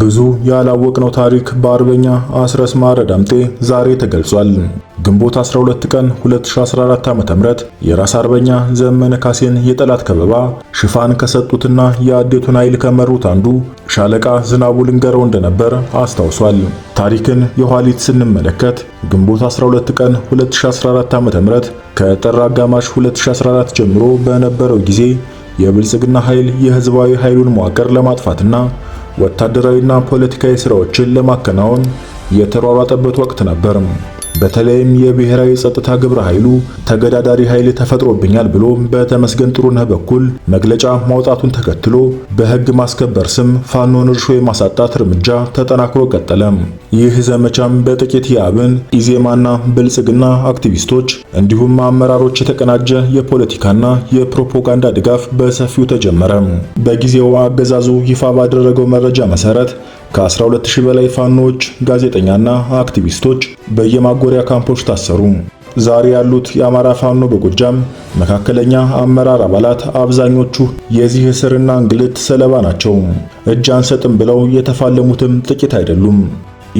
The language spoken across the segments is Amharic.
ብዙ ያላወቅነው ታሪክ በአርበኛ አስረስ ማረ ዳምጤ ዛሬ ተገልጿል። ግንቦት 12 ቀን 2014 ዓ.ም የራስ አርበኛ ዘመነ ካሴን የጠላት ከበባ ሽፋን ከሰጡትና የአዴቱን ኃይል ከመሩት አንዱ ሻለቃ ዝናቡ ልንገረው እንደነበር አስታውሷል። ታሪክን የኋሊት ስንመለከት ግንቦት 12 ቀን 2014 ዓ.ም ከጥር አጋማሽ 2014 ጀምሮ በነበረው ጊዜ የብልጽግና ኃይል የህዝባዊ ኃይሉን መዋቅር ለማጥፋትና ወታደራዊና ፖለቲካዊ ስራዎችን ለማከናወን የተሯሯጠበት ወቅት ነበርም። በተለይም የብሔራዊ ጸጥታ ግብረ ኃይሉ ተገዳዳሪ ኃይል ተፈጥሮብኛል ብሎ በተመስገን ጥሩነህ በኩል መግለጫ ማውጣቱን ተከትሎ በህግ ማስከበር ስም ፋኖን እርሾ የማሳጣት እርምጃ ተጠናክሮ ቀጠለ። ይህ ዘመቻም በጥቂት የአብን ኢዜማና ብልጽግና አክቲቪስቶች እንዲሁም አመራሮች የተቀናጀ የፖለቲካና የፕሮፓጋንዳ ድጋፍ በሰፊው ተጀመረ። በጊዜው አገዛዙ ይፋ ባደረገው መረጃ መሰረት ከ12000 በላይ ፋኖዎች፣ ጋዜጠኛና አክቲቪስቶች በየማጎሪያ ካምፖች ታሰሩ። ዛሬ ያሉት የአማራ ፋኖ በጎጃም መካከለኛ አመራር አባላት አብዛኞቹ የዚህ እስርና እንግልት ሰለባ ናቸው። እጅ አንሰጥም ብለው የተፋለሙትም ጥቂት አይደሉም።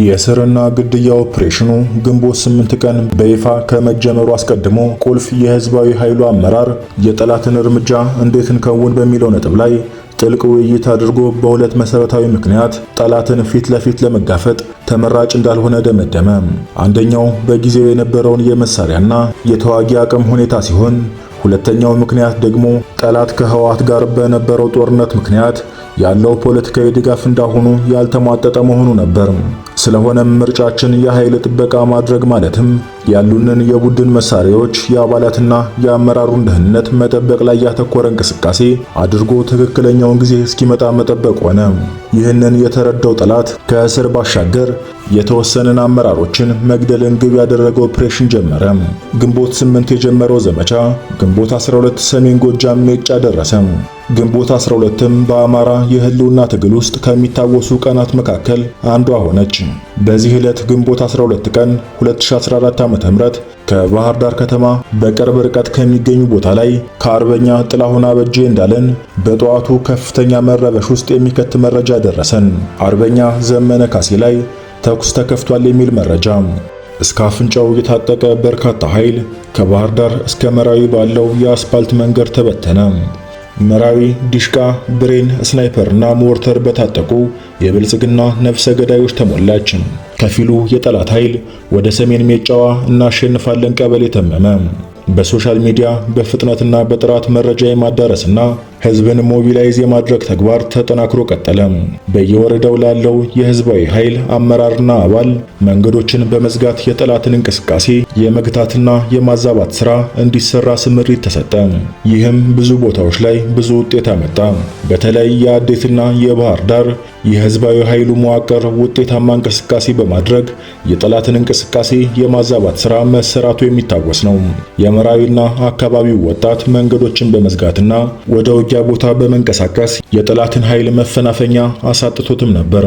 የእስርና ግድያ ኦፕሬሽኑ ግንቦት 8 ቀን በይፋ ከመጀመሩ አስቀድሞ ቁልፍ የህዝባዊ ኃይሉ አመራር የጠላትን እርምጃ እንዴት እንከውን በሚለው ነጥብ ላይ ጥልቅ ውይይት አድርጎ በሁለት መሰረታዊ ምክንያት ጠላትን ፊት ለፊት ለመጋፈጥ ተመራጭ እንዳልሆነ ደመደመ። አንደኛው በጊዜው የነበረውን የመሳሪያና የተዋጊ አቅም ሁኔታ ሲሆን ሁለተኛው ምክንያት ደግሞ ጠላት ከህወሓት ጋር በነበረው ጦርነት ምክንያት ያለው ፖለቲካዊ ድጋፍ እንዳሁኑ ያልተሟጠጠ መሆኑ ነበር። ስለሆነም ምርጫችን የኃይል ጥበቃ ማድረግ ማለትም ያሉንን የቡድን መሳሪያዎች የአባላትና የአመራሩን ደህንነት መጠበቅ ላይ ያተኮረ እንቅስቃሴ አድርጎ ትክክለኛውን ጊዜ እስኪመጣ መጠበቅ ሆነ። ይህንን የተረዳው ጠላት ከእስር ባሻገር የተወሰነን አመራሮችን መግደልን ግብ ያደረገ ኦፕሬሽን ጀመረ። ግንቦት 8 የጀመረው ዘመቻ ግንቦት 12 ሰሜን ጎጃም ሜጫ ደረሰ። ግንቦት 12ም በአማራ የህልውና ትግል ውስጥ ከሚታወሱ ቀናት መካከል አንዷ ሆነች። በዚህ ዕለት ግንቦት 12 ቀን 2014 ዓ.ም ከባህር ዳር ከተማ በቅርብ ርቀት ከሚገኙ ቦታ ላይ ከአርበኛ ጥላሁን አበጄ እንዳለን በጠዋቱ ከፍተኛ መረበሽ ውስጥ የሚከት መረጃ ደረሰን። አርበኛ ዘመነ ካሴ ላይ ተኩስ ተከፍቷል የሚል መረጃ እስከ አፍንጫው የታጠቀ በርካታ ኃይል ከባህር ዳር እስከ መራዊ ባለው የአስፓልት መንገድ ተበተነ። መራዊ ዲሽቃ፣ ብሬን፣ ስናይፐርና ሞርተር በታጠቁ የብልጽግና ነፍሰ ገዳዮች ተሞላች። ከፊሉ የጠላት ኃይል ወደ ሰሜን ሜጫዋ እናሸንፋለን ቀበሌ ተመመ። በሶሻል ሚዲያ በፍጥነትና በጥራት መረጃ የማዳረስና ህዝብን ሞቢላይዝ የማድረግ ተግባር ተጠናክሮ ቀጠለ። በየወረዳው ላለው የህዝባዊ ኃይል አመራርና አባል መንገዶችን በመዝጋት የጠላትን እንቅስቃሴ የመግታትና የማዛባት ስራ እንዲሰራ ስምሪት ተሰጠ። ይህም ብዙ ቦታዎች ላይ ብዙ ውጤት አመጣ። በተለይ የአዴትና የባህር ዳር የህዝባዊ ኃይሉ መዋቅር ውጤታማ እንቅስቃሴ በማድረግ የጠላትን እንቅስቃሴ የማዛባት ስራ መሰራቱ የሚታወስ ነው። የመራዊና አካባቢው ወጣት መንገዶችን በመዝጋትና ወደ የውጊያ ቦታ በመንቀሳቀስ የጠላትን ኃይል መፈናፈኛ አሳጥቶትም ነበር።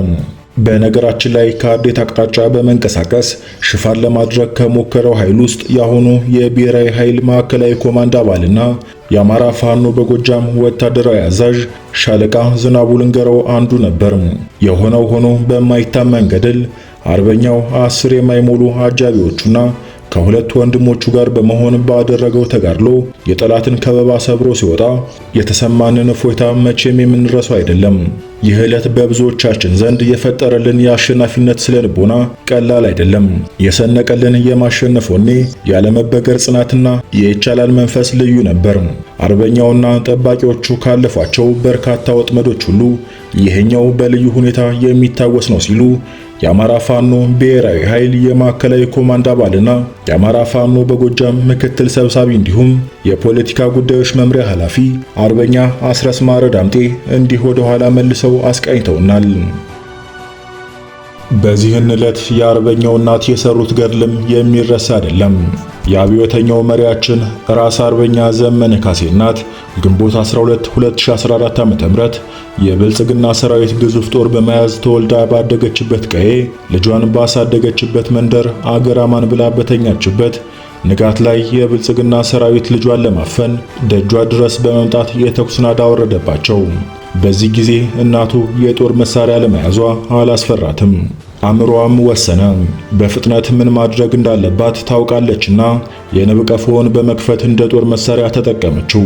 በነገራችን ላይ ከአዴት አቅጣጫ በመንቀሳቀስ ሽፋን ለማድረግ ከሞከረው ኃይል ውስጥ የአሁኑ የብሔራዊ ኃይል ማዕከላዊ ኮማንድ አባልና የአማራ ፋኖ በጎጃም ወታደራዊ አዛዥ ሻለቃ ዝናቡ ልንገረው አንዱ ነበር። የሆነው ሆኖ በማይታመን ገድል አርበኛው አስር የማይሞሉ አጃቢዎቹና ከሁለት ወንድሞቹ ጋር በመሆን ባደረገው ተጋድሎ የጠላትን ከበባ ሰብሮ ሲወጣ የተሰማንን እፎይታ መቼም የምንረሳው አይደለም። ይህ ዕለት በብዙዎቻችን ዘንድ የፈጠረልን የአሸናፊነት ስነልቦና ቀላል አይደለም። የሰነቀልን የማሸነፍ ወኔ፣ ያለመበገር ጽናትና የይቻላል መንፈስ ልዩ ነበር። አርበኛውና ጠባቂዎቹ ካለፏቸው በርካታ ወጥመዶች ሁሉ ይህኛው በልዩ ሁኔታ የሚታወስ ነው ሲሉ የአማራ ፋኖ ብሔራዊ ኃይል የማዕከላዊ ኮማንድ አባልና የአማራ ፋኖ በጎጃም ምክትል ሰብሳቢ እንዲሁም የፖለቲካ ጉዳዮች መምሪያ ኃላፊ አርበኛ አስረስማረ ዳምጤ እንዲህ ወደ ኋላ መልሰው አስቃኝተውናል። በዚህን ዕለት የአርበኛው እናት የሰሩት ገድልም የሚረሳ አይደለም። የአብዮተኛው መሪያችን ራስ አርበኛ ዘመነ ካሴ እናት ግንቦት 12 2014 ዓ.ም የብልጽግና ሰራዊት ግዙፍ ጦር በመያዝ ተወልዳ ባደገችበት ቀዬ ልጇን ባሳደገችበት መንደር አገር አማን ብላ በተኛችበት ንጋት ላይ የብልጽግና ሰራዊት ልጇን ለማፈን ደጇ ድረስ በመምጣት የተኩስ ናዳ አወረደባቸው። በዚህ ጊዜ እናቱ የጦር መሳሪያ ለመያዟ አላስፈራትም። አእምሮዋም ወሰነ። በፍጥነት ምን ማድረግ እንዳለባት ታውቃለችና የንብ ቀፎውን በመክፈት እንደ ጦር መሳሪያ ተጠቀመችው።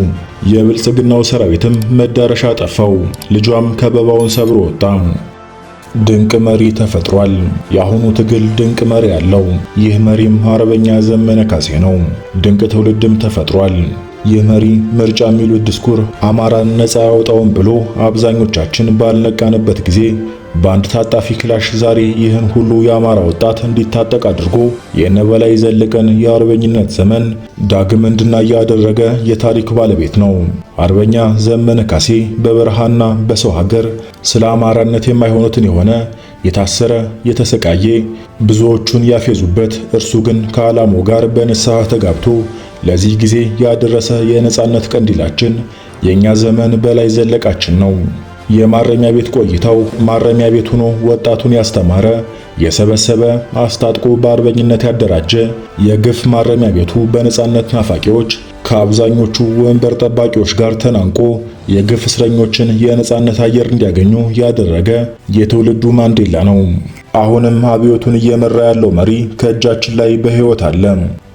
የብልጽግናው ሰራዊትም መዳረሻ ጠፋው። ልጇም ከበባውን ሰብሮ ወጣ። ድንቅ መሪ ተፈጥሯል። የአሁኑ ትግል ድንቅ መሪ አለው። ይህ መሪም አርበኛ ዘመነ ካሴ ነው። ድንቅ ትውልድም ተፈጥሯል። የመሪ ምርጫ የሚሉት ድስኩር አማራን ነጻ ያወጣውን ብሎ አብዛኞቻችን ባልነቃንበት ጊዜ በአንድ ታጣፊ ክላሽ ዛሬ ይህን ሁሉ የአማራ ወጣት እንዲታጠቅ አድርጎ የነበላይ ዘለቀን የአርበኝነት ዘመን ዳግም እንድናይ ያደረገ የታሪክ ባለቤት ነው። አርበኛ ዘመነ ካሴ በበረሃና በሰው ሀገር ስለ አማራነት የማይሆኑትን የሆነ የታሰረ የተሰቃየ ብዙዎቹን ያፌዙበት፣ እርሱ ግን ከዓላማው ጋር በንስሐ ተጋብቶ ለዚህ ጊዜ ያደረሰ የነጻነት ቀንዲላችን የኛ ዘመን በላይ ዘለቃችን ነው። የማረሚያ ቤት ቆይታው ማረሚያ ቤት ሆኖ ወጣቱን ያስተማረ፣ የሰበሰበ፣ አስታጥቆ በአርበኝነት ያደራጀ የግፍ ማረሚያ ቤቱ በነጻነት ናፋቂዎች ከአብዛኞቹ ወንበር ጠባቂዎች ጋር ተናንቆ የግፍ እስረኞችን የነጻነት አየር እንዲያገኙ ያደረገ የትውልዱ ማንዴላ ነው። አሁንም አብዮቱን እየመራ ያለው መሪ ከእጃችን ላይ በሕይወት አለ።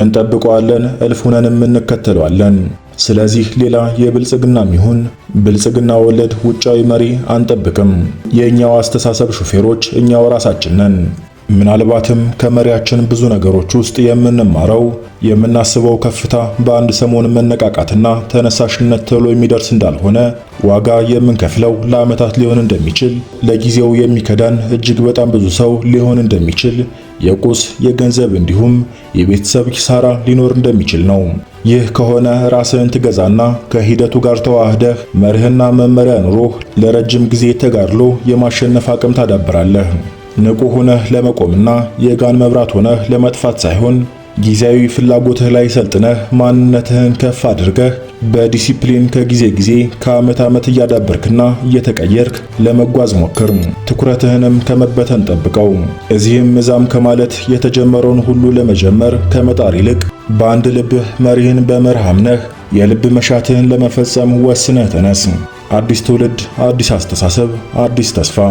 እንጠብቀዋለን፣ እልፉነንም እንከተለዋለን። ስለዚህ ሌላ የብልጽግናም ይሁን ብልጽግና ወለድ ውጫዊ መሪ አንጠብቅም። የእኛው አስተሳሰብ ሹፌሮች እኛው ራሳችን ነን። ምናልባትም ከመሪያችን ብዙ ነገሮች ውስጥ የምንማረው የምናስበው ከፍታ በአንድ ሰሞን መነቃቃትና ተነሳሽነት ተብሎ የሚደርስ እንዳልሆነ፣ ዋጋ የምንከፍለው ለዓመታት ሊሆን እንደሚችል፣ ለጊዜው የሚከዳን እጅግ በጣም ብዙ ሰው ሊሆን እንደሚችል፣ የቁስ የገንዘብ እንዲሁም የቤተሰብ ኪሳራ ሊኖር እንደሚችል ነው። ይህ ከሆነ ራስህን ትገዛና ከሂደቱ ጋር ተዋህደህ መርህና መመሪያ ኑሮህ ለረጅም ጊዜ ተጋድሎ የማሸነፍ አቅም ታዳብራለህ። ንቁ ሆነህ ለመቆምና የጋን መብራት ሆነህ ለመጥፋት ሳይሆን ጊዜያዊ ፍላጎትህ ላይ ሰልጥነህ ማንነትህን ከፍ አድርገህ በዲሲፕሊን ከጊዜ ጊዜ ከዓመት ዓመት እያዳበርክና እየተቀየርክ ለመጓዝ ሞክር። ትኩረትህንም ከመበተን ጠብቀው። እዚህም እዛም ከማለት የተጀመረውን ሁሉ ለመጀመር ከመጣር ይልቅ በአንድ ልብህ መሪህን በመርሃምነህ የልብ መሻትህን ለመፈጸም ወስነህ ተነስ። አዲስ ትውልድ፣ አዲስ አስተሳሰብ፣ አዲስ ተስፋ